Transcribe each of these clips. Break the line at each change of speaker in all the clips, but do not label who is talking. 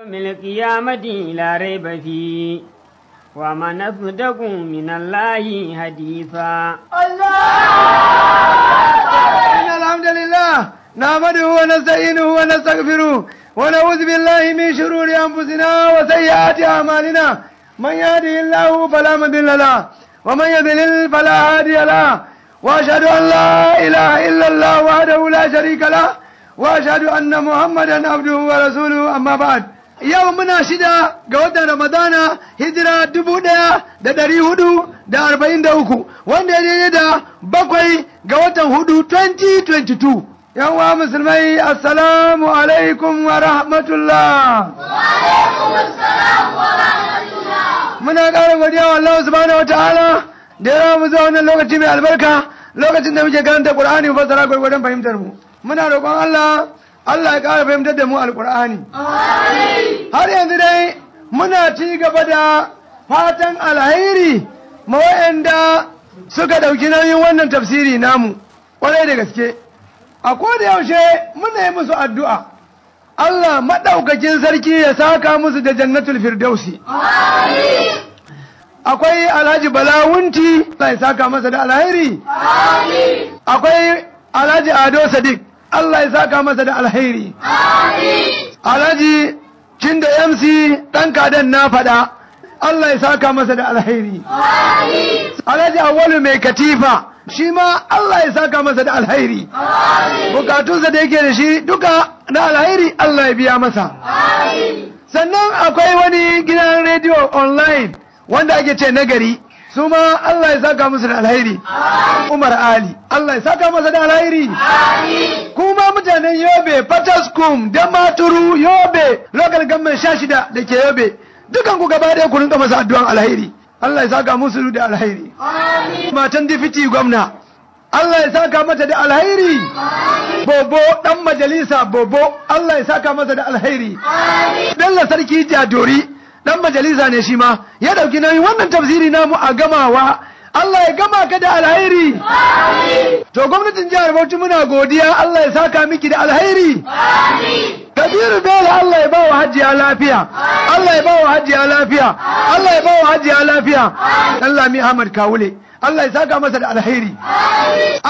يوم القيامة لا ريب فيه وما نصدق من الله حديثا
الله إن الحمد
لله
نعمده ونستعينه ونستغفره ونعوذ بالله من شرور
أنفسنا وسيئات أعمالنا من يهده الله فلا مضل له ومن يضلل فلا هادي له وأشهد أن لا إله إلا الله وحده لا شريك له وأشهد أن محمدا عبده ورسوله أما بعد yau muna shida ga watan ramadana hijira dubu ɗaya da ɗari hudu da arba'in da uku wanda ya daidai da bakwai ga watan hudu 2022 Yawwa musulmai assalamu alaikum wa rahmatullah muna ƙara godiya wa Allah subhanahu wataala da ya mu zuwa wannan lokaci mai albarka lokacin da muke karanta Qur'ani fassara gurgurdan fahimtar mu muna roƙon Allah Allah ya ƙara fahimtar da mu alƙur'ani har yanzu dai muna ci gaba da fatan alhairi ma waɗanda suka ɗauki nauyin wannan tafsiri namu ƙwarai da gaske a koda yaushe muna yi musu addu'a Allah maɗaukakin sarki ya saka musu da jannatul firdausi akwai alhaji balawunti Allah ya saka masa da alhairi akwai alhaji ado sadiq Allah ya saka masa da alheri alhaji kin da MC ɗan kadan na faɗa Allah ya saka masa da alheri alhaji awwalu mai katifa shi ma Allah ya saka masa da alheri bukatunsa da yake da shi duka na alheri Allah ya biya masa sannan akwai wani gidan rediyo online wanda ake ce nagari suma ma Allah ya saka musu da alhairi Umar Ali Allah ya saka masa da alhairi kuma mutanen Yobe Fataskum da Maturu Yobe local government shida da ke Yobe dukan ku gaba ɗaya ku rinka masa addu'an alhairi Allah ya saka musu da alhairi matan difiti gwamna Allah ya saka mata da alhairi bobo dan majalisa bobo Allah ya saka masa da alhairi Bello sarki jadori dan majalisa ne shi ma ya dauki nauyi wannan tafsiri namu a gamawa Allah ya gama ka da alheri to gwamnatin jihar Bauchi muna godiya Allah ya saka miki da alheri kabiru dole Allah ya bawa hajiya lafiya Allah ya bawa hajiya lafiya Allah ya bawa hajiya lafiya dan Lami Ahmad Kawule Allah ya saka masa da alheri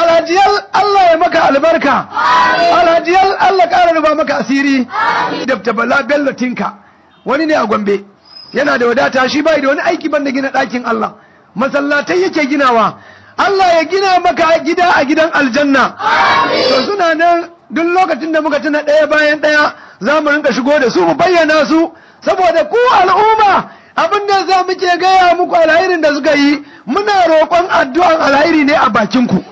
alhajiyal Allah ya maka albarka alhajiyal Allah ƙara ruba maka asiri da tabala bello tinka wani ne a Gombe yana da wadata shi bai da wani aiki banda gina ɗakin Allah masallatai yake ginawa Allah ya gina maka gida a gidan aljanna to suna nan duk lokacin da muka tuna ɗaya bayan ɗaya za mu rinka shigo da su mu bayyana su saboda ku al'umma abin da za mu ke gaya muku alhairin da suka yi muna roƙon addu'an alhairi ne a bakin ku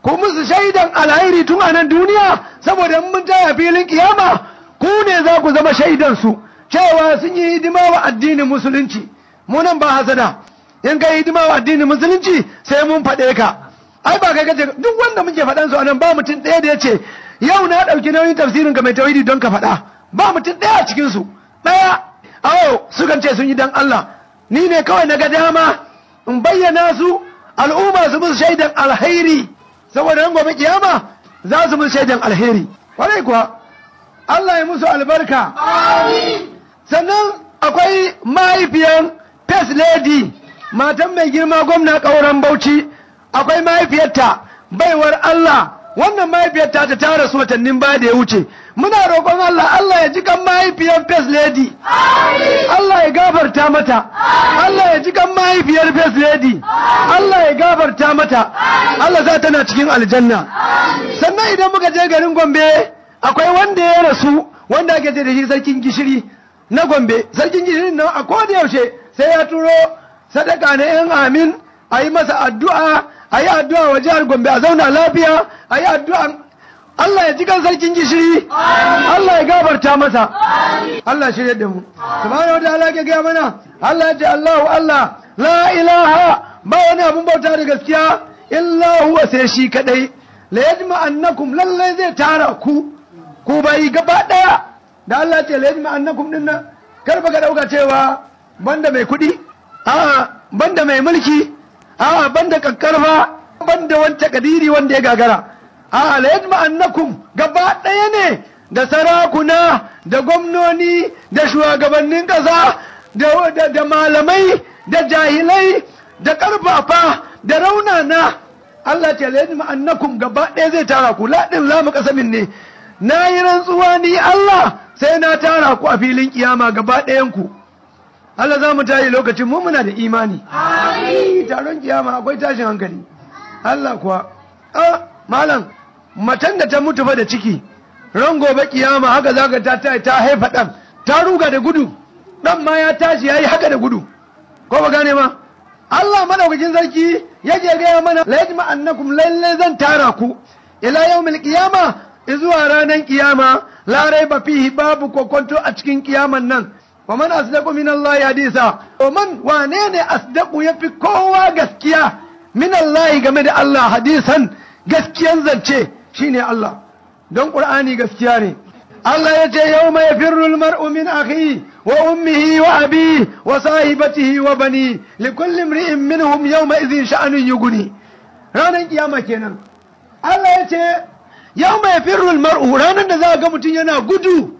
Ku musu shaidan alhairi tun a nan duniya saboda mun taya filin kiyama ku ne za ku zama shaidan su cewa sun yi hidima wa addinin musulunci mu nan ba hasada in ka yi hidima wa addinin musulunci sai mun faɗe ka ai ba kai kace duk wanda muke faɗan su anan ba mutum ɗaya da ya ce yau na ɗauki nauyin tafsirin ga mai tawhidi don ka faɗa ba mutum ɗaya a cikin su ɗaya awo sukan ce sun yi dan Allah ni ne kawai na ga dama in bayyana su al'umma su musu shaidan alheri saboda nan gobe kiyama za su musu shaidan alheri kwarai kuwa Allah ya musu albarka amin sannan akwai mahaifiyan first lady matan mai girma gwamna ƙauran bauchi akwai mahaifiyarta baiwar allah wannan mahaifiyarta ta tara su watannin baya da ya wuce muna roƙon allah allah ya ji kan mahaifiyar first lady allah ya gafarta mata allah ya ji kan mahaifiyar first lady allah ya gafarta mata allah za tana cikin aljanna sannan idan muka je garin gombe akwai wanda ya rasu wanda ake ce da shi sarkin gishiri na gombe sarkin gishirin nan a koda yaushe sai ya turo sadaka na yan amin a yi masa addu'a a yi addu'a wa jihar gombe a zauna lafiya a yi addu'a Allah ya ji kan sarkin gishiri Allah ya gabarta masa Allah shirya da mu subhanahu wa ta'ala ke gaya mana Allah ya Allahu Allah la ilaha ba wani abun bauta da gaskiya illa huwa sai shi kadai la yajma annakum lallai zai tara ku ku bai gaba daya da Allah ce laifin yajma annakum dinna kar baka dauka cewa banda mai kuɗi a banda mai mulki a'a banda kankarfa banda wanda kadiri wanda ya gagara a'a laifin yajma annakum gaba ɗaya ne da sarakuna da gwamnoni da shugabannin ƙasa da da malamai da jahilai da karfafa da rauna na. Allah ce laifin annakum gaba ɗaya zai tara ku ladin lamu kasamin ne na yi rantsuwa ni Allah sai na tara ku a filin kiyama gaba ɗayanku Allah za mu tayi lokacin mu da imani taron kiyama akwai tashin hankali Allah kuwa a ah, malam matan da ta mutu fa da ciki ran gobe kiyama haka za ka ta haifa ɗan ta ruga da gudu ɗan ma ya tashi ya yi haka da gudu ko ba gane ma Allah madaukakin sarki yake gaya mana la na annakum lallai zan tara ku ila yawmil qiyama izuwa ranar kiyama larai ba fihi babu kwakwanto a cikin kiyaman nan wa man asdaqu min Allah hadisa wa man wane ne asdaqu yafi kowa gaskiya min Allah game da Allah hadisan gaskiyan zance shine Allah don Qur'ani gaskiya ne Allah ya ce yau mai firrul mar'u min akhi wa ummihi wa abi wa sahibatihi wa bani li kulli imri'in minhum yawma idhin sha'anun yughni ranar kiyama kenan Allah ya ce yau mai firul mar'u ranar da za ga mutum yana gudu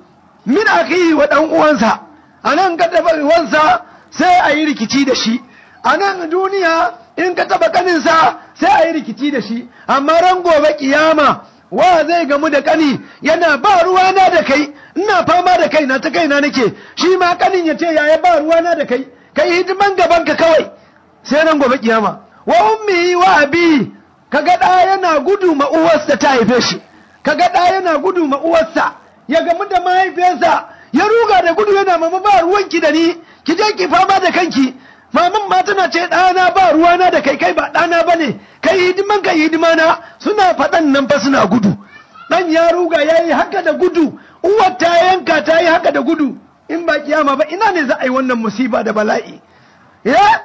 min yi wa dan uwansa a nan ka taɓa uwansa sai a yi rikici da shi a nan duniya in ka taɓa kaninsa sai a yi rikici da shi amma ran gobe kiyama wa zai gamu da kani yana ba ruwana da kai ina fama da kaina ta kaina nake shi ma kanin ya ce yaya ba ruwana da kai kai hidiman gaban ka kawai sai nan gobe kiyama wa ummi wa abi ga da yana gudu ma ta haife shi kaga ɗa yana gudu ma uwarsa ya gamu da mahaifiyarsa ya ruga da gudu yana mama ba ruwanki da ni ki je ki fama da kanki maman ma tana ce ɗana ba ruwana da kai kai ba ɗana ba ne kai hidiman kai hidimana suna faɗan nan ba suna gudu ɗan ya ruga ya yi haka da gudu uwar ta yanka ta yi haka da gudu in ba kiyama ba ina ne za a yi wannan musiba da bala'i ya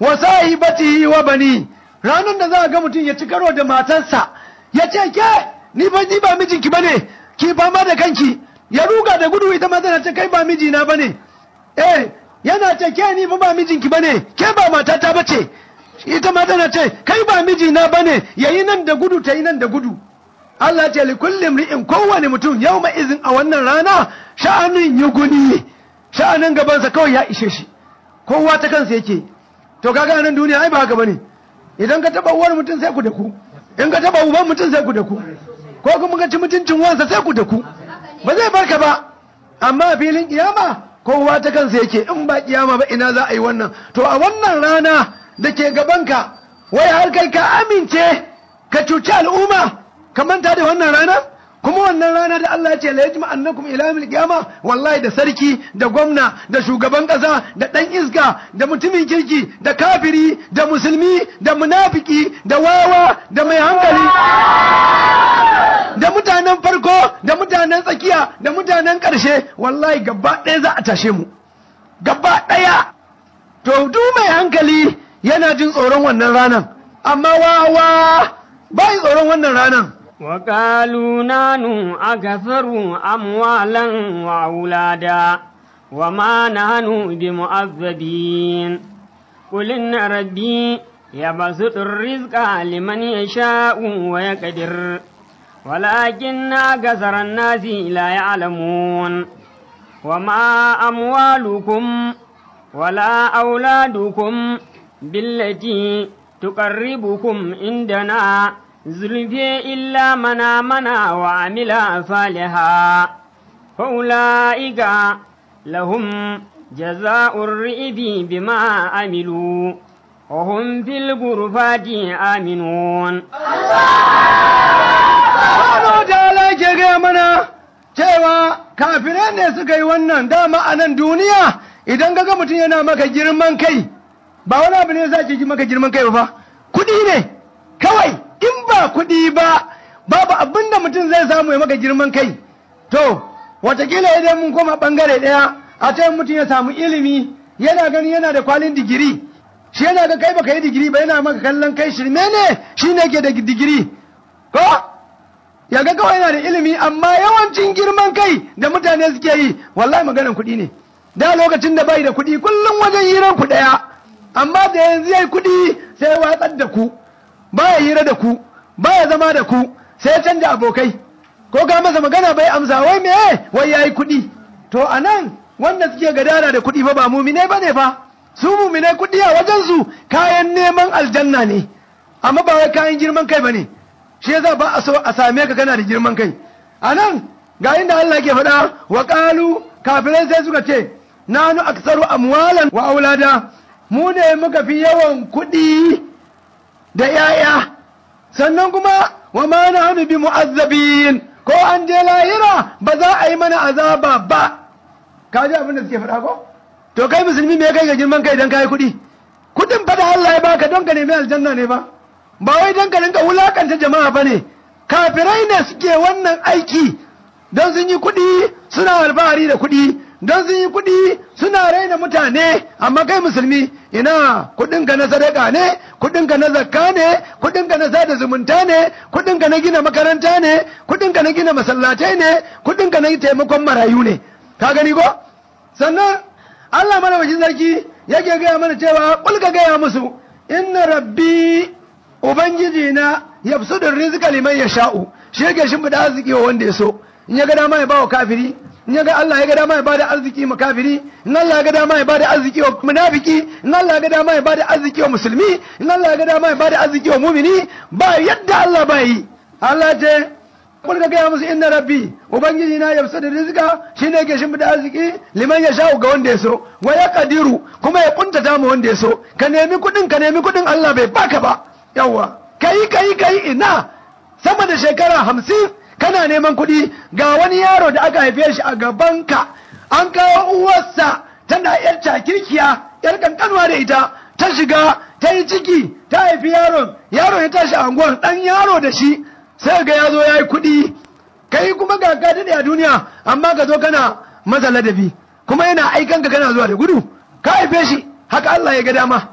wa sahibatihi wa bani ranar da za a ga mutum ya ci karo da matarsa ya ce ke ni ba ni ba mijinki bane ki fama da kanki ya ruga da gudu ita ma tana ce kai ba mijina bane eh yana ce ke ni ba mijinki bane ke ba matata bace ita ma tana ce kai ba mijina bane yayi nan da gudu ta yi nan da gudu Allah ce likullin ri'in kowane mutum yau ma izin a wannan rana sha'anin yuguni sha'anin gabansa kawai ya ishe shi kowa ta kansa yake to kaga nan duniya ai ba haka bane idan ka taba uwar mutum sai ku da ku in ka taba uban mutum sai ku da ku ko kuma ga ci mutuncin wansa sai ku da ku ba zai barka ba amma filin kiyama kowa ta kansa yake in ba kiyama ba ina za a yi wannan to a wannan rana da ke gabanka wai har kai ka amince ka cuci al'umma ka manta da wannan rana kuma wannan rana da Allah ya ce la yajma annakum ila yawmil qiyama wallahi da sarki da gwamna da shugaban kasa da dan iska da mutumin kirki da kafiri da musulmi da munafiki da wawa da mai hankali da mutanen farko da mutanen tsakiya da mutanen karshe wallahi gaba ɗaya za a tashe mu gaba ɗaya to du mai hankali yana jin tsoron wannan
ranan amma wawa bai tsoron wannan ranan وقالوا نحن أكثر أموالا وأولادا وما نحن بمؤذبين قل إن ربي يبسط الرزق لمن يشاء ويقدر ولكن أكثر الناس لا يعلمون وما أموالكم ولا أولادكم بالتي تقربكم عندنا زلفي illa mana mana wa صالحا فأولئك لهم lahum jaza'ur بما عملوا وهم في الغرفات آمنون Allah ta'ala
ke gaya mana cewa kafirai ne suka yi wannan dama a nan duniya idan ga mutum yana maka girman kai ba wani abu ne za ki ji maka girman kai ba kuɗi ne kawai in ba kuɗi ba babu abin da mutum zai samu ya maka girman kai to watakila idan mun koma bangare ɗaya a ce mutum ya samu ilimi yana gani yana da kwalin digiri shi yana ga kai baka yi digiri ba yana maka kallon kai shi ne shi ne ke da digiri ko ya ga kawai yana da ilimi amma yawancin girman kai da mutane suke yi wallahi maganan kuɗi ne da lokacin da bai da kuɗi kullum wajen hiran ku ɗaya amma da yanzu ya yi kuɗi sai watsar da ku baya hira da ku baya zama da ku sai ya canja abokai ko ga masa magana bai amsa wai me wai yayi kuɗi to anan wanda suke gadara da kuɗi fa ba mumine bane fa su mumine kuɗi a wajen su kayan neman aljanna ne amma ba wai kayan girman kai bane shi yasa ba a so a same ka kana da girman kai anan ga inda Allah ke faɗa wa qalu kafirai sai suka ce nanu aksaru amwalan wa aulada mu ne muka fi yawan kuɗi da yaya sannan kuma wa ma nahnu bi mu'azzabin ko an je lahira ba za a yi mana azaba ba ka ji abin da suke faɗa ko to kai musulmi me kai ga girman kai idan kai kuɗi kuɗin fa da Allah ya baka don ka nemi aljanna ne ba ba wai don ka rinka wulakanta jama'a ba ne kafirai ne suke wannan aiki don sun yi kuɗi suna alfahari da kuɗi don sun yi kuɗi suna raina mutane amma kai musulmi ina kuɗinka na sadaka ne kuɗinka na zakka ne kuɗinka na sada zumunta ne kuɗinka na gina makaranta ne kuɗinka na gina masallatai ne kuɗinka na taimakon marayu ne ka gani ko sannan Allah mana bakin sarki yake gaya mana cewa kulka gaya musu inna rabbi ubangiji na yabsudur rizqa ya yasha'u shi yake shimfida arziki wa wanda ya so in ya ga dama ya wa kafiri in ya ga Allah ya ga dama ya bada arziki ma kafiri in Allah ya ga dama ya bada arziki wa munafiki in Allah ya ga dama ya bada arziki wa musulmi in Allah ya ga dama ya bada arziki wa mumini ba yadda Allah ba yi Allah ce kul ga gaya musu inna rabbi ubangiji na yabsa da rizqa shine yake shin da arziki liman ya sha'u ga wanda ya so wa ya kadiru kuma ya kuntata mu wanda ya so ka nemi kudin ka nemi kudin Allah bai baka ba yawa kai kai kai ina sama da shekara hamsin kana neman kuɗi ga wani yaro da aka haife shi a gabanka an kawo uwarsa tana yar cakirkiya yar kankanwa da ita ta shiga ta yi ciki ta haifi yaron yaron ya tashi unguwar. dan yaro da shi sai ga ya zo ya yi kuɗi kai kuma ga ka daɗe a duniya amma ka zo kana masa ladabi kuma yana aikan ka kana zuwa da gudu ka haife shi haka Allah ya ga dama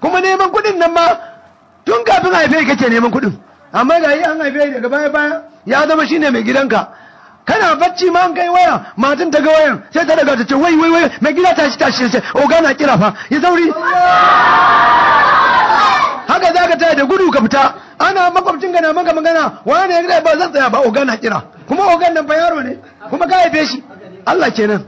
kuma neman kuɗin nan ma tun kafin haife kake neman kuɗin amma ga yi an haife daga baya baya ya zama shine mai gidanka kana bacci ma an kai waya matan ta ga wayan sai ta daga ta ce wai wai wai mai gida tashi tashi sai oga na kira fa ya sauri haka za ka taya da gudu ka fita ana makwabcin gana maka magana wani ya ba zan tsaya ba oga na kira kuma ogan nan fa yaro ne kuma ka haife shi Allah kenan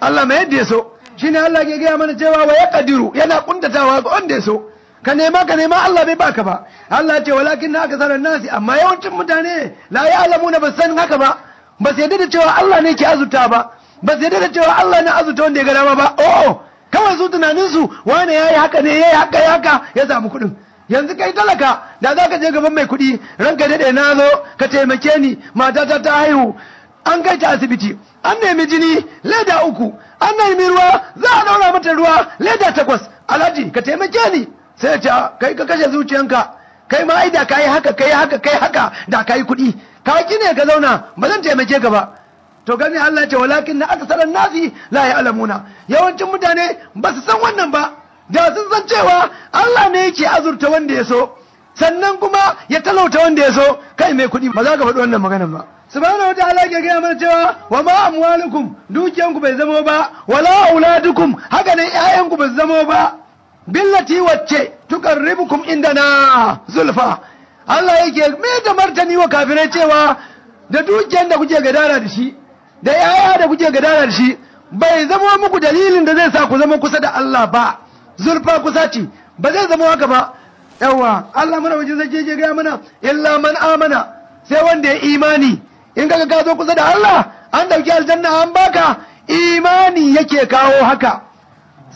Allah mai yadda ya so shine Allah ke gaya mana cewa wa ya kadiru yana kuntatawa ga wanda ya so ka nema ka nema Allah bai baka ba Allah ce walakin na aka sanar nasi amma yawancin mutane la ya alamu na basu san haka ba ba su yadda da cewa Allah ne ke azuta ba ba su yadda da cewa Allah ne azuta wanda ya ga dama ba oh kawai su tunanin su wane yayi haka ne yayi haka ya haka ya samu kuɗin yanzu kai talaka da za ka je gaban mai kuɗi ranka daɗe na zo ka taimake ni matata ta haihu an kai ta asibiti an nemi jini leda uku an nemi ruwa za a daura mata ruwa leda takwas alhaji ka taimake ni sai ce kai ka kashe zuciyanka kai ma ai da kai haka kai haka kai haka da kai kuɗi ka ki ne ka zauna ba zan taimake ka ba to gani Allah ce walakin na aksaran nasi la ya'lamuna yawancin mutane ba su san wannan ba da sun san cewa Allah ne yake azurta wanda ya so sannan kuma ya talauta wanda ya so kai mai kuɗi ba za ka faɗi wannan maganar ba subhanahu wa ta'ala ke gaya mana cewa wa ma amwalukum dukiyanku bai zamo ba wala auladukum haka ne ƴaƴanku bai zama zamo ba billati wacce tukarribukum indana zulfa Allah yake me da martani wa kafirai cewa da dukiyar da kuke gadara da shi da yaya da kuke gadara da shi bai zama muku dalilin da zai sa ku zama kusa da Allah ba zulfa kusa ce ba zai zama haka ba yawa Allah mana wajen zai je ga mana illa man amana sai wanda ya imani in kaga ka zo kusa da Allah an dauki aljanna an baka imani yake kawo haka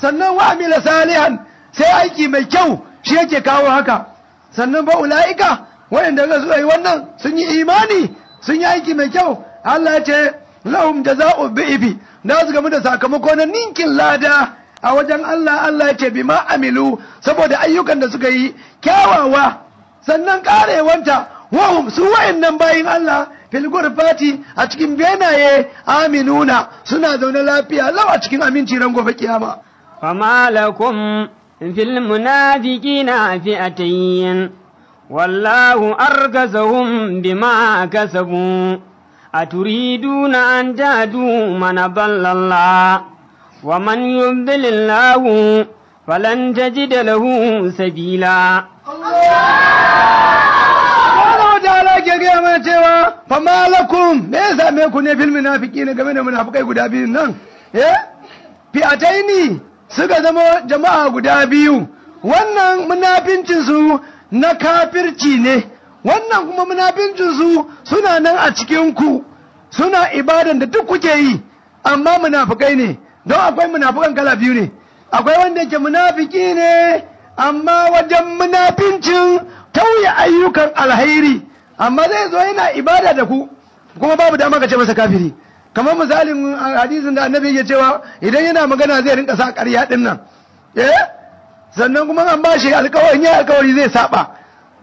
sannan wa amila salihan sai aiki mai kyau shi yake kawo haka sannan ba ula'ika waɗanda ga su yi wannan sun yi imani sun yi aiki mai kyau Allah ya ce lahum jaza'u bi'ibi da su gamu da sakamako na ninkin lada a wajen Allah Allah ya ce bima amilu saboda ayyukan da suka yi kyawawa sannan karewanta wahum su wayannan bayin Allah fil gurbati a cikin benaye aminuna suna zaune lafiya lau a cikin aminci ran gobe
kiyama fama lakum في المنافقين فئتين والله أركسهم بما كسبوا أتريدون أن تهدوا من ضل الله da يضل الله فلن تجد له سبيلا gaya mana cewa fa malakum
me ya same ku ne fil munafiqina game da munafikai guda biyun nan eh fi ataini suka zama jama'a guda biyu wannan munafincinsu na kafirci ne wannan kuma munafincinsu suna nan a cikinku suna ibadan da duk kuke yi amma munafukai ne don akwai munafukan kala biyu ne akwai wanda yake munafiki ne amma wajen munafincin tauye ayyukan alhairi amma zai zo yana ibada da ku kuma babu dama ka ce masa kafiri kamar misalin uh, hadisin da annabi ya cewa idan yana magana zai rinka sa ƙarya din nan eh sannan kuma an ba shi alƙawarin, ya alƙawari zai saba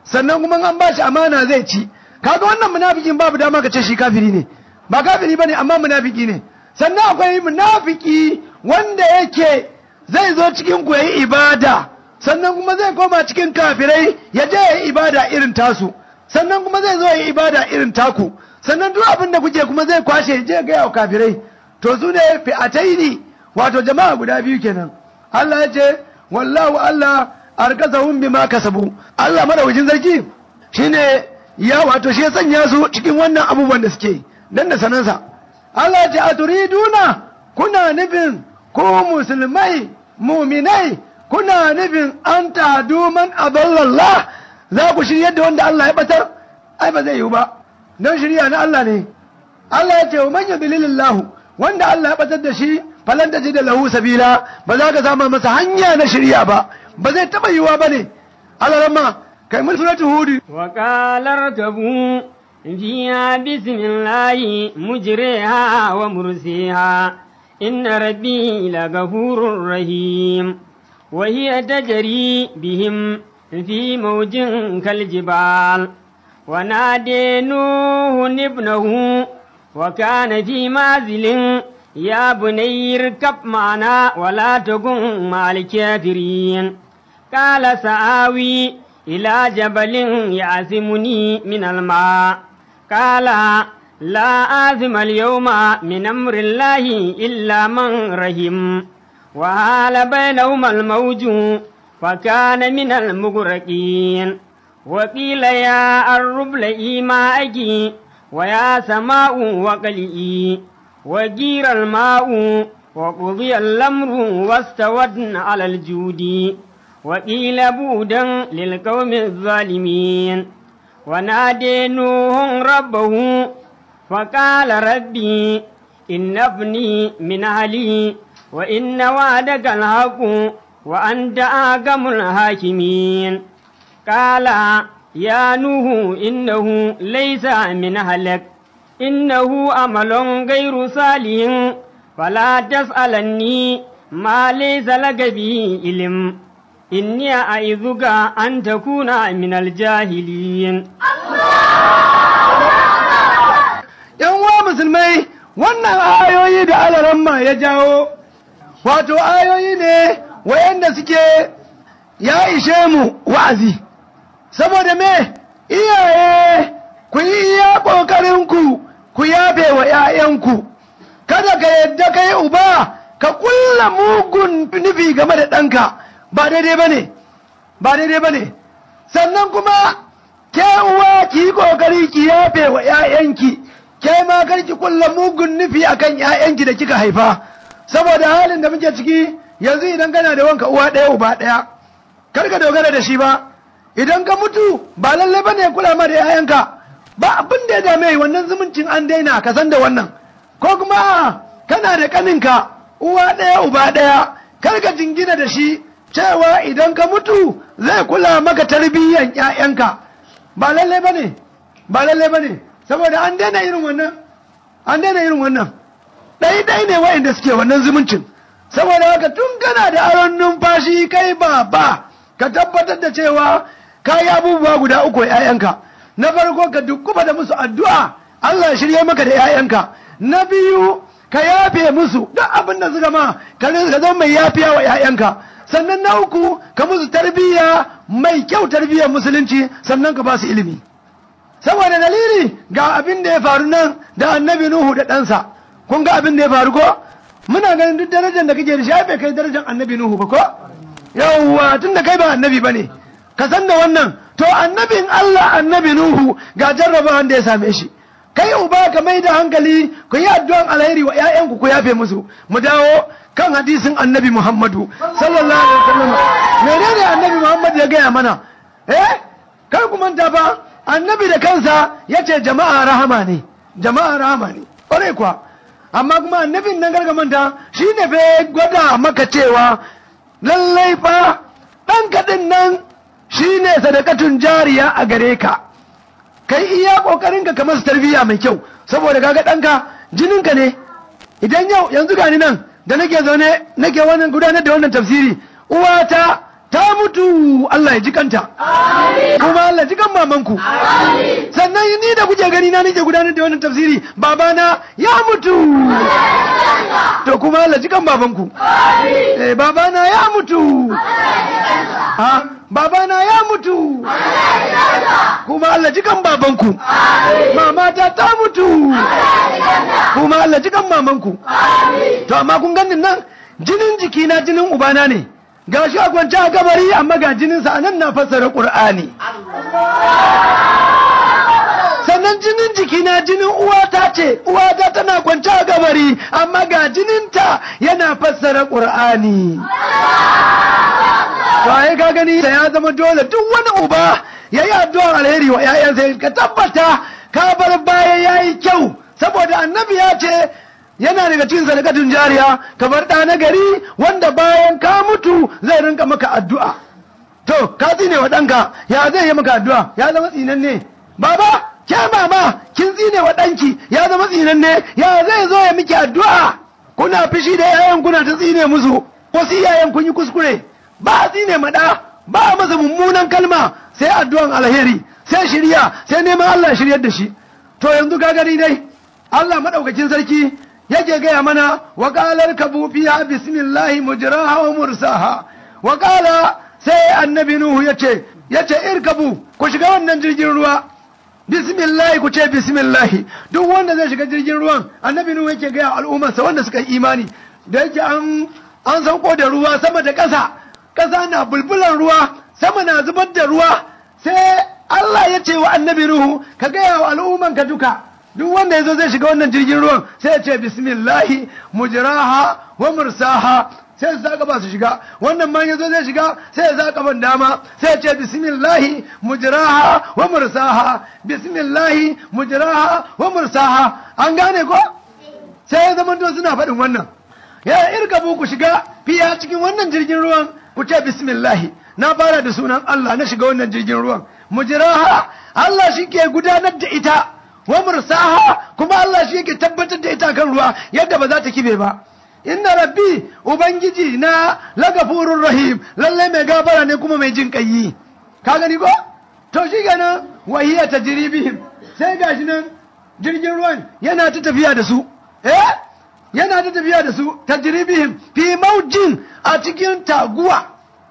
sannan kuma an ba shi amana zai ci kaga wannan munafikin babu dama ka ce shi kafiri ne ba kafiri bane amma munafiki ne sannan akwai munafiki wanda yake zai zo cikin ku yayi ibada sannan kuma zai koma cikin kafirai ya je yayi ibada irin tasu sannan kuma zai zo yayi ibada irin taku sannan duk abin da kuke kuma zai kwashe je ga yawa kafirai to su ne fi'ataini wato jama'a guda biyu kenan Allah ya ce wallahu Allah arkasahum bima kasabu Allah madawajin zarki shine ya wato shi ya sanya su cikin wannan abubuwan da suke dan da sanansa Allah ya ce aturiduna kuna nufin ku musulmai muminai kuna nufin an ta duman aballallah za ku shirya da wanda Allah ya batar ai ba zai yiwu ba don shirya na Allah ne Allah ya ce wa manya bililillahu wanda Allah ya batar da shi falan da da lahu sabila ba za ka samu masa hanya na shirya ba ba zai taɓa yiwa ba ne Allah
kai mun suratu hudu wa qalar tabu fiha bismillahi mujriha wa mursiha inna rabbi laghafurur rahim wa hiya tajri bihim fi mawjin kaljibal ونادي نوح ابنه وكان في مازل يا بني اركب معنا ولا تكن مع الكافرين قال سآوي إلى جبل يعزمني من الماء قال لا آزم اليوم من أمر الله إلا من رحم وهال بينهما الموج فكان من المغرقين وقيل يا الرب لئي ماءك ويا سماء وقلئي وجير الماء وقضي الأمر واستوت على الجود وقيل بودا للقوم الظالمين ونادي نوح ربه فقال ربي إن ابني من أهلي وإن وعدك الحق وأنت أحكم الحاكمين قال يا نوح إنه ليس من هلك إنه عمل غير صالح فلا تسألني ما ليس لك به علم إني أعظك أن تكون من الجاهلين uwa musulmai wannan ayoyi da alaramma ya jawo wato
ayoyi ne wayanda suke ya ishe mu wa'azi saboda me iyaye ku yi iya ƙoƙarinku ku yabe wa 'ya'yanku kada ka yadda ka yi uba ka kulla mugun nufi game da ɗanka ba daidai ba ne ba daidai ba ne sannan kuma ke uwa ki yi ƙoƙari ki yafe wa 'ya'yanki ke ma karki ƙulla kulla mugun nufi akan 'ya'yanki da kika haifa saboda halin da muke ciki yanzu idan kana da wanka uwa ɗaya uba ɗaya kar ka dogara da shi ba idan ka mutu ba lalle ba ne kula ma da yayanka ba abin da ya dame wannan zumuncin an daina ka san da wannan ko kuma kana da kaninka uwa ɗaya uba ɗaya kar ka jingina da shi cewa idan ka mutu zai kula maka tarbiyyan 'ya'yanka. ba lalle ba ne ba lalle ba ne saboda an daina irin wannan an daina irin wannan ɗai ɗai ne wa'inda suke wannan zumuncin saboda haka tun kana da aron numfashi kai ba ba ka tabbatar da cewa ka yi abubuwa guda uku ‘ya'yanka na farko ka kuma da musu addu'a Allah ya shirya maka da ‘ya'yanka na biyu ka yafe musu duk abin da suka ma ka zama mai yafiya wa ‘ya'yanka sannan na uku ka musu tarbiyya mai kyau tarbiyyar musulunci sannan ka ba su ilimi saboda dalili ga abin da ya faru nan da annabi nuhu da ɗansa kun ga abin da ya faru ko muna ganin duk darajar da kake da shafe kai darajar annabi nuhu ba ko yawwa tun da kai ba annabi ba ne ka san da wannan to annabin Allah annabi Nuhu ga jarrabawan da ya same shi kai uba ka mai da hankali ku yi addu'an alheri wa ƴaƴanku ku yafe musu mu dawo kan hadisin annabi Muhammadu sallallahu alaihi wasallam menene annabi Muhammadu ya gaya mana eh kai ku manta ba annabi da kansa yace jama'a rahama ne jama'a rahama ne ƙwarai kuwa amma kuma annabin nan manta shi ne fa gwada maka cewa lallai fa ɗan kaɗin nan Shi ne sadakatun jariya a gare ka kai iya kokarin ka kamar tarbiyya mai kyau saboda kaga ɗanka jininka ne idan yau yanzu gani nan da nake zaune nake wannan gudanar da wannan tafsiri uwata ta mutu Allah ya ji kanta kuma Allah ji kan mamanku sannan ni da kuke gani na nake gudanar da wannan tafsiri babana ya mutu to kuma Allah ji kan babanku eh babana ya mutu ha babana ya mutu kuma Allah ji kan babanku Mama ta mutu kuma Allah ji kan mamanku to amma kun ganin nan jinin jikina jinin ubana ne ga shi a kwanci a kabari amma ga jininsa a nan na fassara ƙur'ani sannan jinin jikina jinin uwata ce uwata tana kwanci a kabari amma ga jininta yana fassara ƙur'ani to yi ka gani ya zama dole duk wani uba ya yi addu'ar alheri wa 'ya'yansa ka tabbata ka bar baya ya yi kyau saboda annabi ya ce yana daga cikin sadakatun jariya kamar bar ɗa na wanda bayan ka mutu zai rinka maka addu'a to ka tsine wa ɗanka ya zai yi maka addu'a ya zama ne. baba ke mama kin tsine wa ɗanki ya zama ne. ya zai zo ya miki addu'a kuna fishi da yayan kuna ta tsine musu wasu iyayen kun yi kuskure ba tsine ma ɗa ba masa mummunan kalma sai addu'an alheri sai shirya sai neman Allah shiryar da shi to yanzu ka gani dai Allah maɗaukakin sarki yake gaya mana wa kabubiya kabufiya bismillahi mujraha wa mursaha wa ƙala sai annabi nuhu yace yace irkabu ku shiga wannan jirgin ruwa bismillahi ku ce bismillahi duk wanda zai shiga jirgin ruwan annabi nuhu yake gaya al'ummarsa wanda suka yi imani da yake an sauko da ruwa sama da ƙasa ƙasa na bulbulan ruwa sama na zubar da ruwa sai Allah ya ce wa annabi Nuhu ka gaya wa al'ummarka duka duk wanda ya zo zai shiga wannan jirgin ruwan sai ya ce bismillahi mujraha wa mursaha sai su zaka ba su shiga wannan man ya zo zai shiga sai ya zaka ban dama sai ya ce bismillahi mujraha wa mursaha bismillahi mujraha wa mursaha an gane ko sai ya zama to suna faɗin wannan ya irka bu ku shiga fiya cikin wannan jirgin ruwan ku ce bismillahi na fara da sunan Allah na shiga wannan jirgin ruwan mujraha Allah shi ke gudanar da ita wa mursaha kuma Allah shi yake tabbatar da ita kan ruwa yadda ba za ta kibe ba inna rabbi ubangiji na lagafurur rahim lalle mai gabara ne kuma mai jin kayi ka gani ko to shi ganin wahiya tajri sai gashi nan jirgin ruwan yana ta tafiya da su eh yana ta tafiya da su tajri fi maujin a cikin taguwa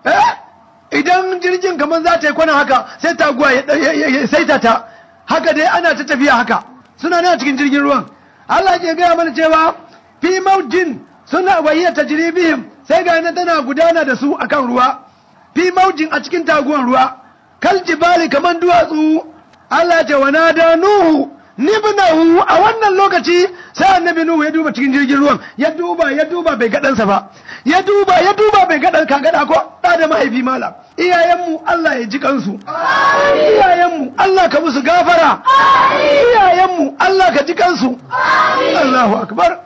eh idan jirgin kamar za ta yi kwana haka sai taguwa ya saita ta haka dai ana ta tafiya haka suna ne a cikin jirgin ruwan Allah ke gaya mana cewa fi maujin suna ta jiribihim sai ga tana gudana da su akan ruwa fi maujin a cikin taguwan ruwa kal jibali kaman duwatsu Allah ce wa nada nuhu nibnahu a wannan lokaci sai annabi nuhu ya duba cikin jirgin ruwan ya duba ya duba bai ga ɗansa ba ya duba ya duba bai gada kagada ko da da mahaifi mala iyayenmu Allah ya ji kansu iyayenmu Allah ka musu gafara iyayenmu Allah ka ji kansu Allahu akbar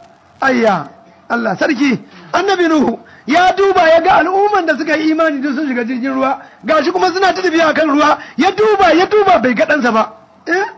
ayya Allah sarki annabi nuhu ya duba ya ga al'umman da suka yi imani duk sun shiga jirgin ruwa gashi kuma suna ta tafiya kan ruwa ya duba ya duba bai ga sa ba eh?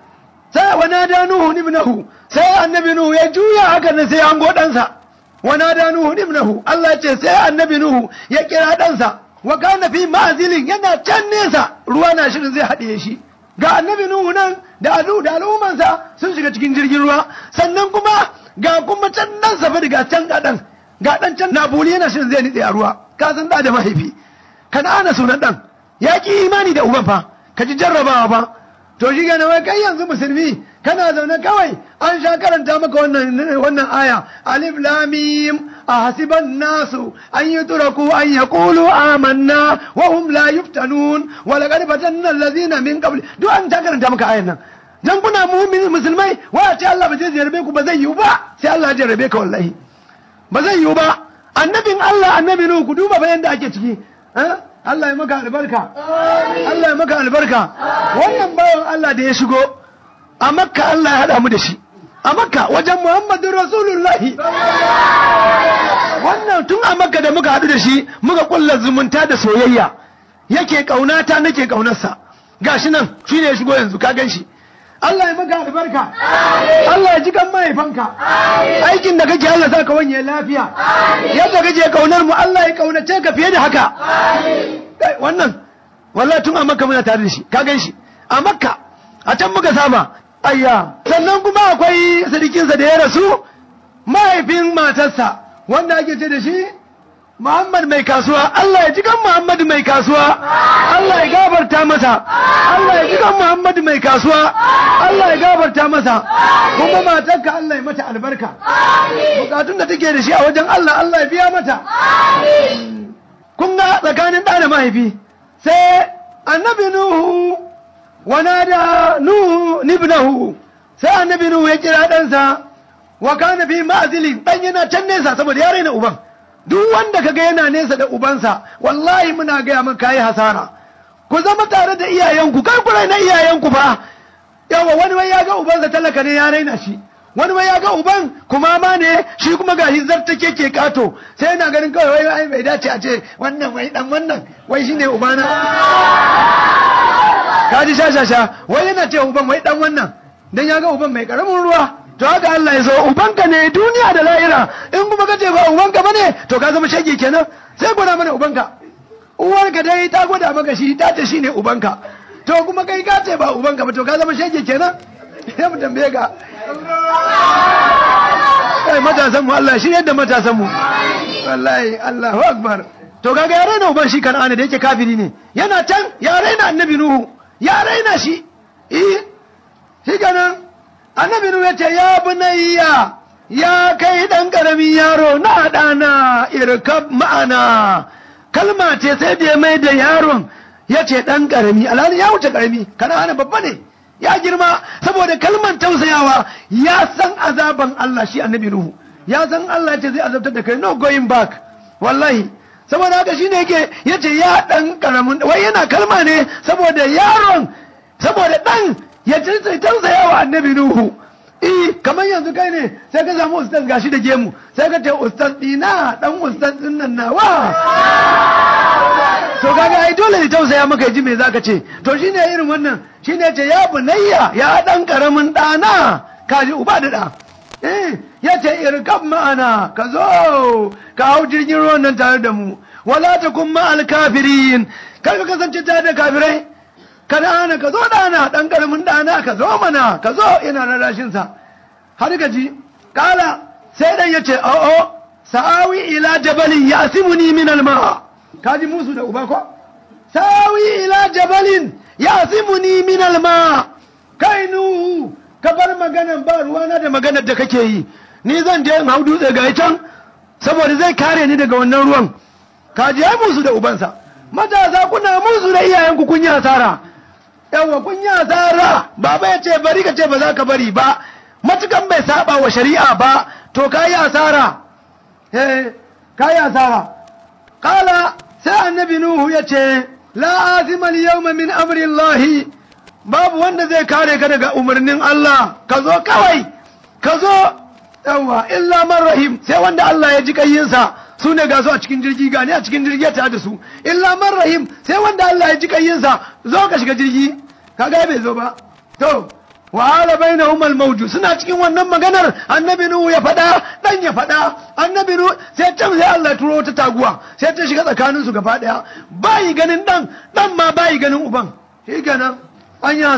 sai wa nada nuhu ibnahu sai annabi nuhu ya juya haka ne sai an go ɗansa nuhu Allah ونادى نوح ابنه الله يتسيء النبي نوح يكرا دنسا وكان في معزل ينا Ruwa na shirin zai حدي shi. ga annabi nuhu nan da alu da al'ummansa sun shiga cikin jirgin ruwa sannan kuma ga kuma can sa fa daga can dan ga dan can na buli yana shirin zai nitse a ruwa ka san da da mahaifi ana sunan dan ya ki imani da uban fa ka ji jarrabawa ba. to shi na wai kai yanzu musulmi kana zaune kawai an sha karanta maka wannan aya alif lamim a hasiban nasu an yi turaku an ya kulu amanna wa hum la yuftanun wa laqad nan, lazina min kabli duk an ta karanta maka ayan nan dan kuna musulmai wa ce Allah ba zai jarrabe ku ba zai yiwu ba sai Allah ya jarrabe ka wallahi ba zai yiwu ba annabin Allah annabi nuhu ku duba bayan da ake ciki eh? Allah ya maka albarka Allah ya maka albarka wannan bayan Allah da ya shigo a makka Allah ya hada mu da shi a makka wajen muhammadu rasulullahi wannan tun a makka da muka haɗu da shi muka ƙulla zumunta da soyayya yake ƙaunata nake ƙaunarsa gashi nan shi ne shigo yanzu ka gan shi Allah ya maka albarka Allah ya ji kan mahaifanka aikin da kake Allah sa ka wanye lafiya yadda kake kaunar mu Allah ya kaunace ka fiye da haka wannan wallahi tun a makka muna tare da shi ka gan shi a makka a can muka saba ayya sannan kuma akwai sadikinsa da ya rasu mahaifin matarsa wanda ake ce da shi Muhammad mai kasuwa Allah ya jikan Muhammad mai kasuwa Allah ya gabarta masa Allah ya jikan Muhammad mai kasuwa Allah ya gabarta masa kuma matarka Allah ya mata albarka bukatun da take da shi a wajen Allah Allah ya biya mata kun ga tsakanin da mahaifi sai annabi Nuhu wanada nuhu nibnahu sai annabi nuhu ya kira ɗansa wa kana fi ma'azili dan yana can nesa saboda ya raina uban duk wanda kaga yana nesa da ubansa wallahi muna gaya maka kayi hasara ku zama tare da iyayenku kar ku raina iyayenku fa yawa wani wai ya ga ubansa talaka ne ya raina shi wani wai ya ga uban kuma ma ne shi kuma ga hizzar take ke kato sai yana ganin kawai wai bai dace a ce wannan wai dan wannan wai shine ubana ka ji shashasha wai yana ce uban wai dan wannan dan ya ga uban mai karamin ruwa to haka Allah ya zo ubanka ne duniya da lahira in kuma ka ce ba ubanka bane to ka zama shege kenan sai gwada mana ubanka uwarka dai ta gwada maka shi ta ce shine ubanka to kuma kai ka ce ba ubanka ba to ka zama shege kenan sai mu tambaye ka kai matasan mu Allah shi yadda matasan mu wallahi Allahu akbar to kaga yare na uban shi kan'ana da yake kafiri ne yana can yare na annabi nuhu ya raina shi eh shi ganin annabi ya ce ya bunayya ya kai dan karamin yaro na dana irkab ma'ana kalma ce sai da mai da yaron ya ce ɗan karami alhali ya wuce karami kana hana babba ne ya girma saboda kalman tausayawa ya san azaban Allah shi annabi Nuhu ya san Allah ce zai azabtar da kai no going back wallahi saboda haka shi ne yake ce ya ɗan ƙaramin, wai yana kalma ne saboda yaron saboda ɗan ya tausaya wa annabi nuhu E, kamar yanzu kai ne sai ka samu ustaz gashi da gemu sai ka ce ustaz dina ɗan ustaz din nan nawa to kaga ai dole ne tausaya maka ji me zaka ce to shine irin wannan shine ce ya bunayya ya ƙaramin karamin ɗana kaji uba da da eh ya ce irkab ma'ana ka zo ka hau jirgin ruwan nan tare da mu wala ta kun ma'al kafirin kar ka kasance tare da kafirai ka dana ka zo dana dan karamin dana ka zo mana ka zo ina na rashin sa har gaji kala sai dan yace o o sa'awi ila jabalin yasimuni min alma ji musu da uba ko sa'awi ila jabalin yasimuni min alma kainu ka bar maganan ba ruwana da maganar da kake yi ni zan je in hau dutse ga can saboda zai kare ni daga wannan ruwan ka je musu da ubansa matasa kuna musu da iyayenku kun yi asara yawa kun yi asara baba ya ce bari ka ce ba za ka bari ba matukan bai saba wa shari'a ba to ka yi asara eh, ka yi asara kala sai annabi nuhu ya ce la azimal yawma min amri allah babu wanda zai kare ka daga umarnin allah ka zo kawai ka zo yawa illa man rahim sai wanda Allah ya ji kayyinsa su ne gasu a cikin jirgi gani a cikin jirgi ta da su illa man rahim sai wanda Allah ya ji kayyinsa zo ka shiga jirgi Ka ga bai zo ba to wa ala bainahum al mawju suna cikin wannan maganar annabi nuhu ya fada dan ya fada annabi nuhu sai can sai Allah turo ta taguwa sai ta shiga tsakanin su gaba daya bai ganin dan dan ma bai ganin uban shi kenan an yi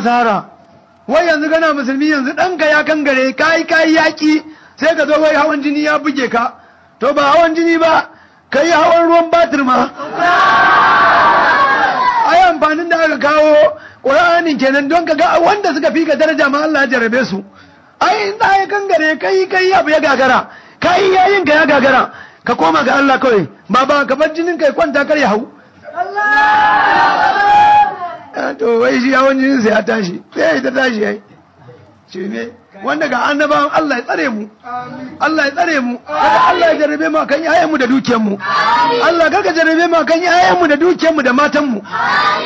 wai yanzu gana musulmi yanzu ka ya kangare kai kai yaki sai ka zo wai hawan jini ya buge ka to ba hawan jini ba ka yi hawan ruwan batir ma ai amfanin da aka kawo ƙur'anin kenan don ka ga wanda suka fi ka daraja ma Allah ya jarabe su ai in da ka yi kai kai abu ya gagara kai yayin ka ya gagara ka koma ga Allah kawai ba ba ka bar jinin kai kwanta kar ya hau Allah eh, to wai shi hawan jinin sai ya tashi sai ya tashi ai shi ne wanda ga annabawan Allah ya tsare mu Allah ya tsare mu kada Allah ya jarabe mu kan yayan mu da dukiyar mu Allah ka jarabe mu kan yayan mu da dukiyar mu da matan mu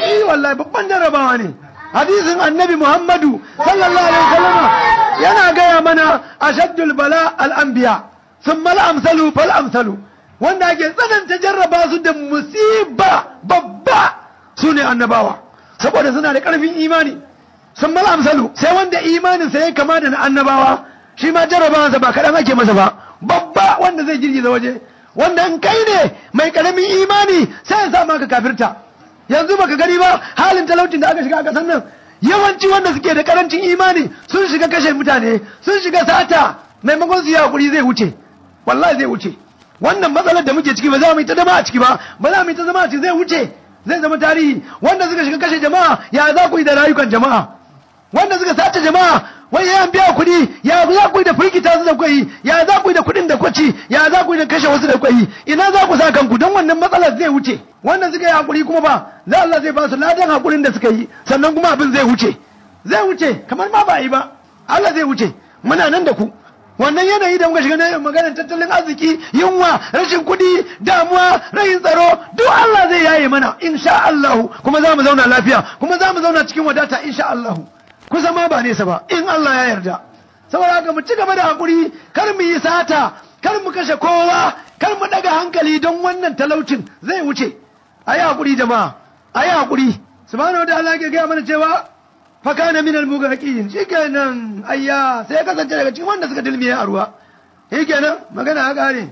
eh wallahi babban jarabawa ne hadisin annabi Muhammadu sallallahu alaihi
wasallam yana gaya mana
ashaddul bala al anbiya thumma al amsalu fal amsalu wanda ake tsananta jarraba su da musiba babba sune annabawa saboda suna da karfin imani sun mal amsalu sai wanda imanin sai ya kama da na annabawa shi ma jarabawansa ba kaɗan ake masa ba babba wanda zai girgiza waje wanda in kai ne mai karamin imani sai ya sa ka kafirta yanzu baka gani ba halin talautin da aka shiga a kasan nan yawanci wanda suke da karancin imani sun shiga kashe mutane sun shiga sata maimakon su yi hakuri zai wuce wallahi zai wuce wannan matsalar da muke ciki ba za mu yi ta zama a ciki ba ba za mu yi ta zama a ciki zai wuce zai zama tarihi wanda suka shiga kashe jama'a ya za ku yi da rayukan jama'a wanda suka sace jama'a wai ya biya kuɗi ya za ku yi da firgita su da kwai ya za ku yi da kuɗin da kwaci ya za ku yi da kashe wasu da kwai ina za ku sa kanku don wannan matsalar zai wuce wannan suka yi hakuri kuma ba za Allah zai ba su ladan hakurin da suka yi sannan kuma abin zai wuce zai wuce kamar ma ba yi ba Allah zai wuce muna nan da ku wannan yanayi da muka shiga na maganar tattalin arziki yunwa rashin kuɗi damuwa rashin tsaro duk Allah zai yaye mana insha Allah kuma za mu zauna lafiya kuma za mu zauna cikin wadata insha Allah kusa ma ba nesa ba in Allah ya yarda saboda haka mu ci gaba da hakuri kar mu yi sata kar mu kashe kowa kar mu daga hankali don wannan talaucin zai wuce ayi hakuri jama'a ayi hakuri subhanahu wa ta'ala ke gaya mana cewa fa kana min al mughaqin shikenan ayya sai kasance daga cikin wanda suka dilmiye a ruwa shikenan magana haka ne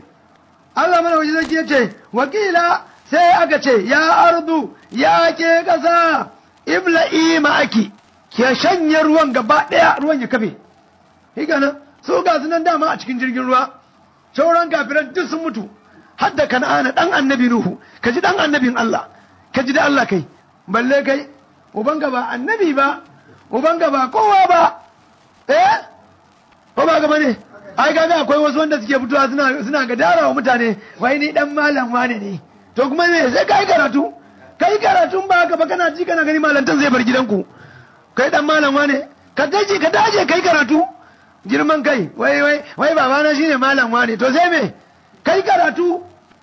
Allah mana wajen zaki yace wakila sai aka ce ya ardu ya ke kasa ibla'i ma'aki ya shanye ruwan gaba ɗaya ruwan ya kafe higa nan su ga su nan dama a cikin jirgin ruwa sauran kafiran duk sun mutu har da kan'ana dan annabi nuhu ka ji dan annabin allah ka ji da allah kai balle kai ubanka ba annabi ba ubanka ba kowa ba eh ko ba gaba ne ai kaga akwai wasu wanda suke fitowa suna suna dara wa mutane wai ni dan malam wane ne to kuma ne sai kai karatu kai karatun ba ka ba kana ji kana gani malantan zai bar gidanku kai dan malam wane ka daji ka daje kai karatu girman kai wai wai wai babana shine malam wane to sai me kai karatu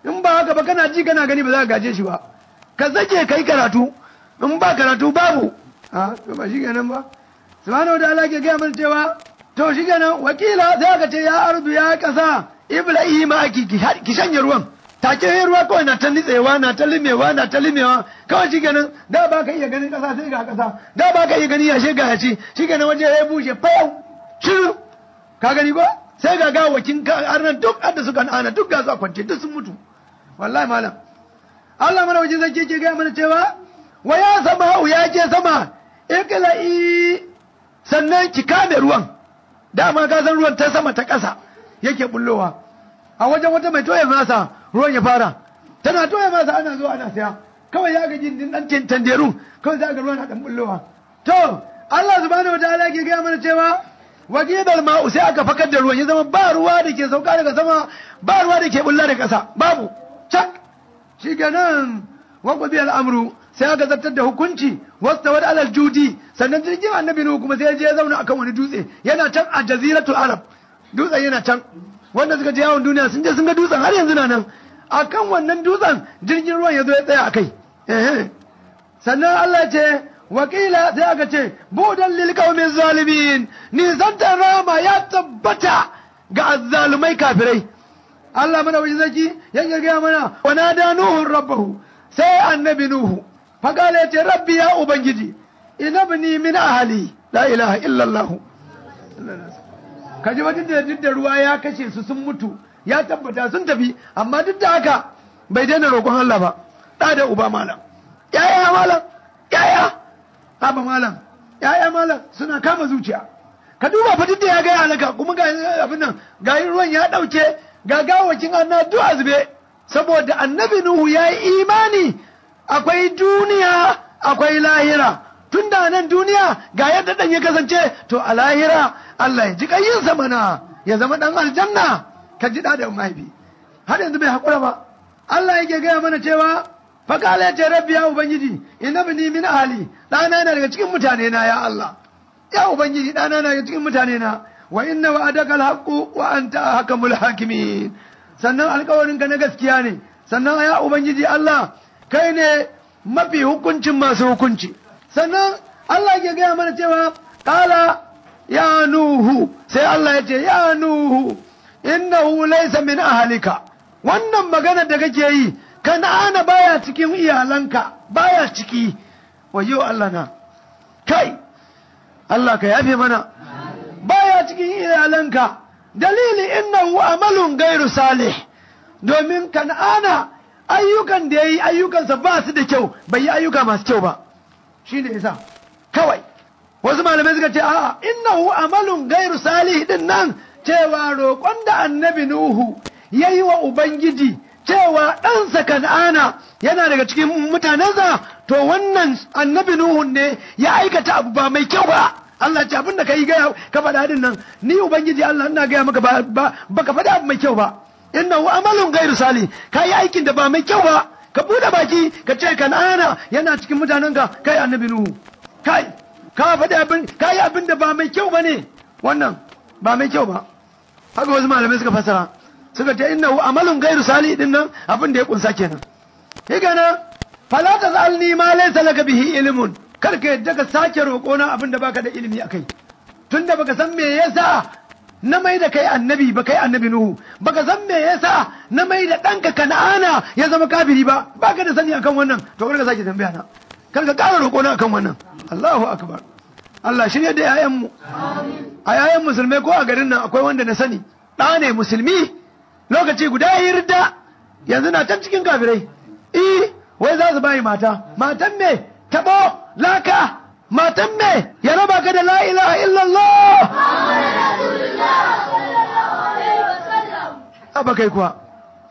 in ba haka ba kana ji kana gani ba za ka gaje shi ba ka zage kai karatu in ba karatu babu a ah, to ba shikenan ba subhanahu wa ta'ala ke gaya mana cewa to shikenan wakila za ka ce ya ardu ya kasa ibrahima ki ki shanye ruwan take ruwa kawai na ta nitsewa na ta limewa na ta limewa kawai shikenan da ba ka iya ganin kasa sai ga kasa da ba ka iya gani yashe ga yashi shikenan waje ya bushe fayau shiru ka gani ko sai ga gawakin arnan duk adda suka ana duk gasu a kwance duk sun mutu wallahi malam Allah mana wajen zai ke gaya mana cewa wa ya sama ya je sama i sannan ki kame ruwan dama ka san ruwan ta sama ta ƙasa yake bullowa a wajen wata mai toye masa ruwan ya fara tana toya masa ana zuwa ana saya kawai ya ga jindin dan tanderun kawai za ga ruwan na bullowa to Allah subhanahu wataala ke gaya mana cewa wajibal ma'u sai aka fakar da ruwan ya zama ba ruwa da ke sauka daga sama ba ruwa da ke bulla da kasa babu cak shi qadi al-amru sai aka zartar da hukunci wasu tawar alal judi sannan jirgin annabi nuhu kuma sai ya je ya zauna akan wani dutse yana can a jaziratul arab dutsen yana can wanda suka je yawon duniya sun je sun ga dutsen har yanzu na nan akan wannan dutsen jirgin ruwan ya zo ya tsaya a kai sannan Allah ce wakila sai aka ce budan lil qaumin zalimin ta rama ya tabbata ga azzalumai kafirai Allah mana wajen zaki ya gaya mana wa nada nuhu rabbahu sai annabi nuhu faqala ce rabbi ya ubangiji inabni min ahli la ilaha illa ka ji da duk da ruwa ya kashe su sun mutu ya tabbata sun tafi amma duk da haka bai daina roƙon Allah ba ɗa da uba malam yaya malam yaya haba malam yaya malam suna kama zuciya ka duba fa duk da ya ga halaka kuma ga abin nan ga ruwan ya ɗauke ga gawakin anna du'a zube saboda annabi nuhu ya yi imani akwai duniya akwai lahira tun da nan duniya ga yadda dan ya kasance to a lahira Allah ya ji mana ya zama ɗan aljanna ka ji da da mahaifi har yanzu bai hakura ba Allah yake gaya mana cewa fakala ya ce rabbi ya ubangiji innabni min ahli ɗana yana daga cikin mutane na ya Allah ya ubangiji ɗana yana daga cikin mutane na wa inna wa'adaka alhaqqu wa anta ahkamul hakimin sannan alƙawarin ka na gaskiya ne sannan ya ubangiji Allah kai ne mafi hukuncin masu hukunci sannan Allah ke gaya mana cewa kala ya nuhu sai Allah ya ce ya nuhu hu laysa min ahalika wannan magana da kake yi kan'ana baya cikin iyalanka baya ciki wayo Allah na kai Allah ka yafe mana baya cikin iyalanka dalili hu amalun gairu salih domin kan'ana ayyukan da yayi ayyukansa ba su da kyau bai yi ayyuka masu kyau ba shine isa kawai wasu malamai suka ce a'a innahu amalun gairu salih din nan cewa roƙon da annabi nuhu ya yi wa ubangiji cewa ɗansa kan'ana yana daga cikin mutanensa to wannan annabi Nuhu ne ya aikata abu ba mai kyau ba Allah ce abin da ka yi gaya ka faɗa din nan ni ubangiji Allah ina gaya maka ba ka faɗa abu mai kyau ba innahu amalun gairu salih ka yi aikin da ba mai kyau ba ka buɗe baki ka ce kan'ana yana cikin mutanen ka kai annabi nuhu kai ka faɗi abin ka yi abin da ba mai kyau ba ne wannan ba mai kyau ba haka wasu malamai suka fassara suka ce innahu amalun gairu sali din nan abin da ya kunsa kenan higana falata ta zalni ma laysa laka bihi ilmun kar ka yadda ka sake roƙona abin da baka da ilimi akai tunda baka san me yasa na mai da kai annabi ba kai annabi nuhu baka san me yasa na mai da ɗanka kana'ana ya zama kafiri ba Ba ka da sani akan wannan to kar ka sake tambaya na kar ka ƙara roƙo na akan wannan Allahu akbar Allah shirya da yayanmu a yayan musulmai ko a garin nan akwai wanda na sani ɗa ne musulmi lokaci guda hirda yanzu na can cikin kafirai i wai za su bayi mata matan me taɓo laka matan me ya raba ka da la ilaha illallah ba kai kuwa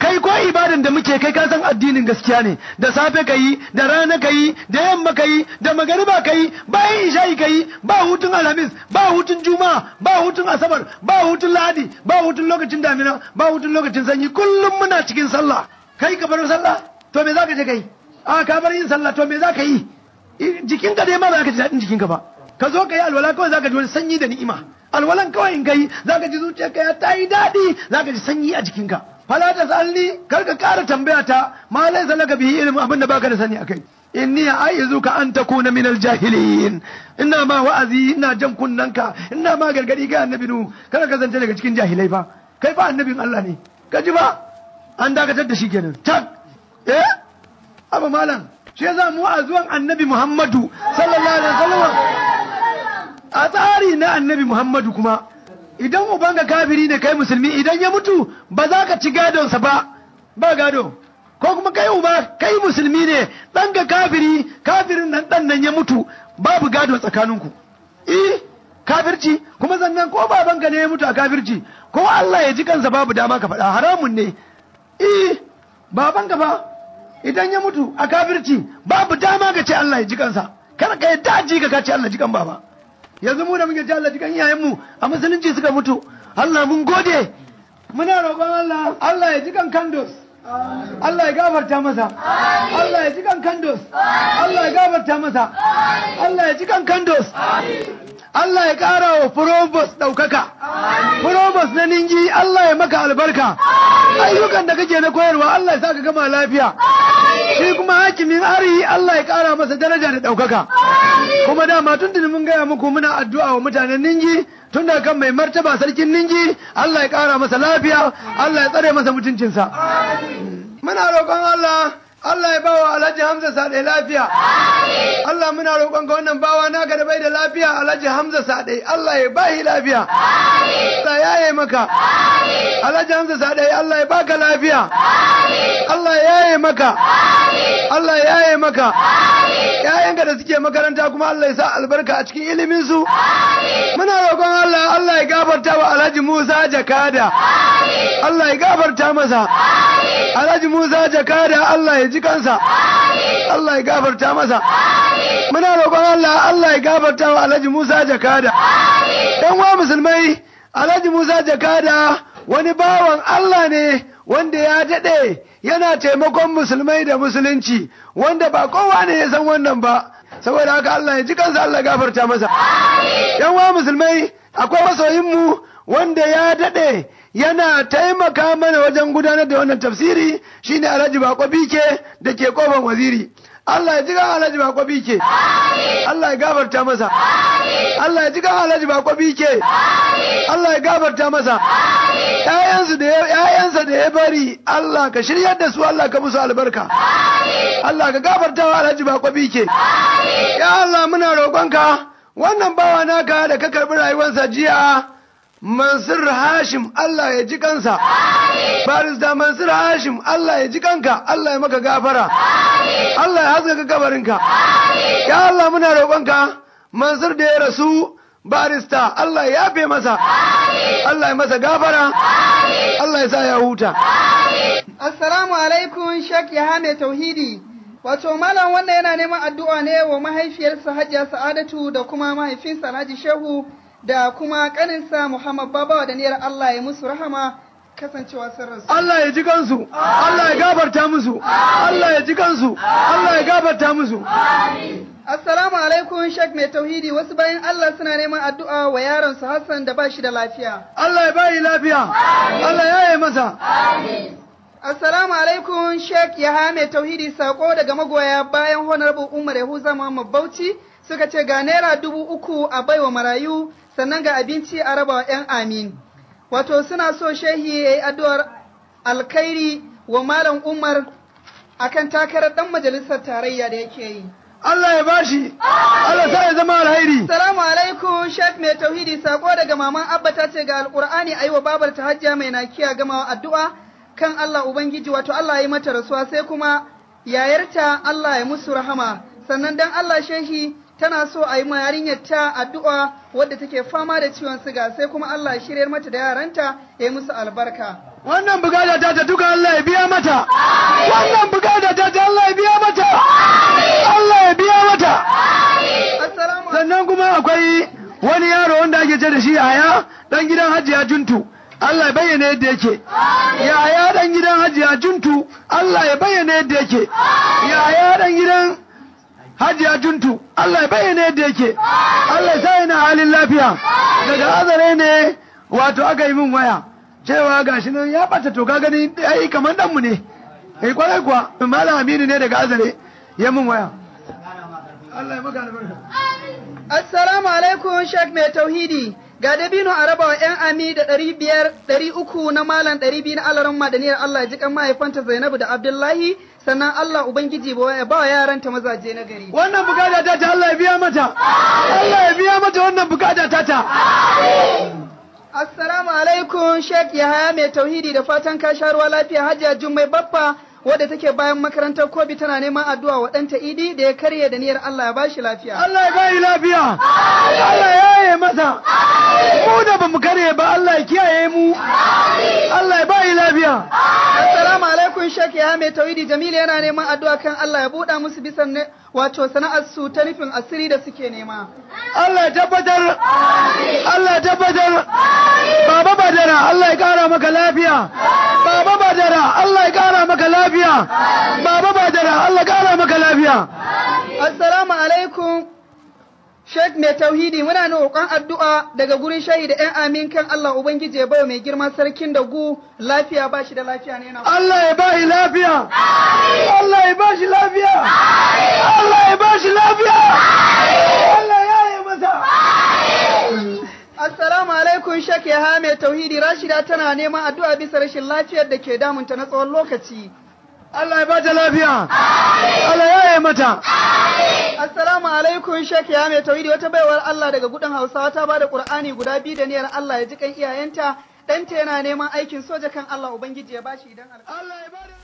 kai ko ibadan da muke kai ka san addinin gaskiya ne da safe ka yi da rana ka yi da yamma ka yi da magariba ka yi bayan isha'i ka yi ba hutun alhamis ba hutun juma'a ba hutun asabar ba hutun lahadi ba hutun lokacin damina ba hutun lokacin sanyi kullum muna cikin sallah kai ka bar sallah to me za ka je kai a ah, ka bar yin sallah to me za ka yi Eh, jikinka dai ma za ka ji daɗin jikinka ba ka zo ka yi alwala kawai za ka ji wani sanyi da ni'ima alwalan kawai in kai za ka ji zuciyarka ya ta yi daɗi za ka ji sanyi a jikinka fala ta sa'alni kar ka ƙara tambaya ta ma laisa laka bihi ilimin abin da baka da sani akai inni ya ka an ta kuna minal jahilin ina ma wa'azi ina jan kunnanka ina ma gargadi ga annabi nu kar ka zance daga cikin jahilai ba. kai fa annabin Allah ne ka ji ba an dakatar da shi kenan tak eh amma malam shi ya mu a zuwan annabi muhammadu sallallahu alaihi
wasallam
a tsari na annabi muhammadu kuma idan ubanga kafiri ne kai musulmi idan ya mutu ba za ka ci gadonsa ba ba gado ko kuma kai uba kai musulmi ne ga kafiri kafirin nan ɗan nan ya mutu babu gado tsakaninku eh kafirci kuma sannan ko babanka ne ya mutu a kafirci ko Allah ya ji kansa babu dama ka faɗa haramun ne eh babanka ba idan ya mutu a kafirci babu dama ga ce Allah ya ji kansa kar ka yadda ji ka ce Allah ji kan baba yanzu mu da muke ji Allah ji kan iyayen mu a musulunci suka mutu Allah mun gode muna roƙon Allah Allah ya ji kan kandos Allah ya gafarta masa Allah ya ji kan kandos Allah ya gafarta masa Allah ya ji kan kandos Allah ya ƙara wa furobos ɗaukaka furobos na ningi Allah ya maka albarka ayyukan da kake na koyarwa Allah ya sa ka gama lafiya shi kuma hakimin ari Allah ya ƙara masa daraja da ɗaukaka kuma dama tun mun gaya muku muna addu'a wa mutanen ningi tun da kan mai martaba sarkin ningi Allah ya ƙara masa lafiya Allah ya tsare masa mutuncinsa muna roƙon Allah Allah ya bawa Alhaji Hamza Sade lafiya. Allah muna roƙon ga wannan bawa na da bai da lafiya Alhaji Hamza Sade. Allah ya bahi lafiya. Allah ya yi maka. Alhaji Hamza Sade Allah ya baka lafiya. Allah ya yi maka. Allah ya yi maka. ‘Ya'yanka da suke makaranta kuma Allah ya sa albarka a cikin ilimin su. Muna roƙon Allah Allah ya gafarta wa Alhaji Musa Jakada. Allah ya gafarta masa. Alhaji Musa Jakada Allah ya ji kansa Allah ya gafarta masa muna roƙon Allah Allah ya gafarta wa Alhaji Musa Jakada dan wa musulmai Alhaji Musa Jakada wani bawan Allah ne wanda ya daɗe yana taimakon musulmai da musulunci wanda ba kowa ne ya san wannan ba saboda haka Allah ya ji kansa Allah gafarta masa yan wa musulmai akwai masoyinmu wanda ya daɗe yana taimaka mana wajen gudanar da wannan tafsiri shine alhaji bako bike da ke kofan waziri Allah ya jiga alhaji bako bike Allah ya gafarta masa Allah ya jiga alhaji bako bike Allah ya gafarta masa ƴaƴansu da ƴaƴansa da ya bari Allah ka shiryar da su Allah ka musu albarka Allah ka gafarta wa alhaji bako bike ya Allah muna roƙonka wannan bawa naka da ka karɓi rayuwarsa jiya Mansur Hashim Allah ya ji kansa. Barista Mansur Hashim Allah ya ji kanka, Allah ya maka gafara. Allah ya haskaka kabarinka. Ya Allah muna roƙonka, Mansur da ya rasu barista Allah ya yafe masa. Allah ya masa gafara. Allah ya sa ya huta.
Assalamu alaikum Sheikh Yahane Tauhidi. Wato malam wannan yana neman addu'a ne wa mahaifiyarsa Hajiya Sa'adatu da kuma mahaifinsa Alhaji Shehu da kuma kaninsa Muhammad Baba da niyyar Allah ya musu rahama kasancewa sirrinsu.
Allah ya ji kansu, Allah ya gabarta musu, Allah ya ji kansu, Allah ya gabarta musu.
Assalamu alaikum Sheikh mai tauhidi wasu bayan Allah suna neman addu'a wa yaron su Hassan da ba shi da lafiya. Allah ya bayi lafiya. Allah ya yi masa. Assalamu alaikum Sheikh Yaha mai tauhidi sako daga magoya bayan Honorable Umar Yahuza Muhammad Bauchi suka ce ga naira dubu uku a baiwa marayu sannan ga abinci a raba wa 'yan amin wato suna so shehi ya yi addu'ar alkhairi wa malam umar akan takarar dan majalisar tarayya da yake yi Allah ya bashi Allah sa ya zama alhairi Salamu alaikum Sheikh mai tauhidi sako daga maman Abba ta ce ga Alƙur'ani yi wa babar ta hajja mai nakiya gamawa addu'a kan Allah ubangiji wato Allah ya yi mata rasuwa sai kuma yayarta Allah ya musu rahama sannan dan Allah shehi tana so a yi ma yarinyar ta addu'a wadda take fama da ciwon siga sai kuma Allah ya shirye mata da yaranta ya yi musu albarka.
Wannan bugada ta ta duka Allah ya biya mata. Wannan bugada ta ta Allah ya biya mata. Allah ya biya mata. Sannan kuma akwai wani yaro wanda ake ce da shi yaya dan gidan Hajiya Juntu. Allah ya bayyana yadda yake. Yaya dan gidan Hajiya Juntu Allah ya bayyana yadda yake. Yaya dan gidan hajiya tuntu Allah ya bayyana yadda yake Allah ya sa yana halin lafiya daga azare ne wato aka yi min waya cewa gashi nan ya bata to ka gani ai kamar dan mu ne eh kwarai kuwa malam Aminu ne daga azare ya min waya
Allah ya maka albarka Assalamu alaikum Sheikh mai tauhidi ga dabino a raba wa 'yan ami da ɗari biyar ɗari uku na malam ɗari biyu na alaran madaniyar Allah ya ji kan mahaifanta Zainabu da Abdullahi sannan Allah ubangiji ba ba yaran ta mazaje na gari wannan bukata ta ta Allah ya biya mata Allah ya biya mata wannan bukata ta ta Assalamu alaikum Sheikh Yahaya mai tauhidi da fatan ka sha ruwa lafiya Hajiya Jummai Baffa wadda take bayan makarantar kobi tana neman addu'a wa ɗanta idi da ya karye da niyyar Allah ya bashi lafiya Allah ya bayi lafiya Allah ya yaye masa mu da bamu karye ba Allah ya kiyaye mu Allah ya bayi lafiya assalamu alaikum sheikh ya mai tauhidi jamil yana neman addu'a kan Allah ya buɗa musu bisan ne wato sana'ar su ta nufin asiri da suke nema Allah ya tabbatar Allah ya tabbatar baba badara Allah ya kara maka
lafiya baba baba badara Allah ya kara maka lafiya baba badara Allah ya kara maka lafiya
assalamu alaikum Sheikh mai tauhidi muna roƙon addu'a daga gurin shayi da ‘yan amin kan Allah ubangije ya mai girma sarkin da gu lafiya ba shi da lafiya ne yana. Allah ya bashi lafiya. Allah ya bashi lafiya. Allah ya bashi lafiya.
Allah ya yi masa.
Assalamu alaikum shake ha mai tauhidi Rashida tana neman addu'a bisa rashin lafiyar da ke damunta na tsawon lokaci. Allah ya ba ta lafiya. Allah ya yi mata. Assalamu alaikum shake Yaha mai tauhidi wata baiwar Allah daga gudan Hausawa ta bada Qur'ani guda biyu da niyyar Allah ya ji kan iyayenta. Danta yana neman aikin soja kan Allah Ubangiji ya bashi idan Allah ya bada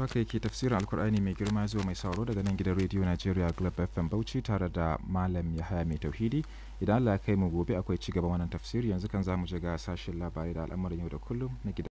haka yake tafsirin alkur'ani mai girma zuwa mai sauro daga nan gidan rediyo nigeria club fm bauchi tare da malam yahaya mai tauhidi idan Allah ya kai mu gobe akwai ci gaban wannan tafsiri yanzu kan za mu je ga sashen labarai da al'amuran yau da kullum na
gida.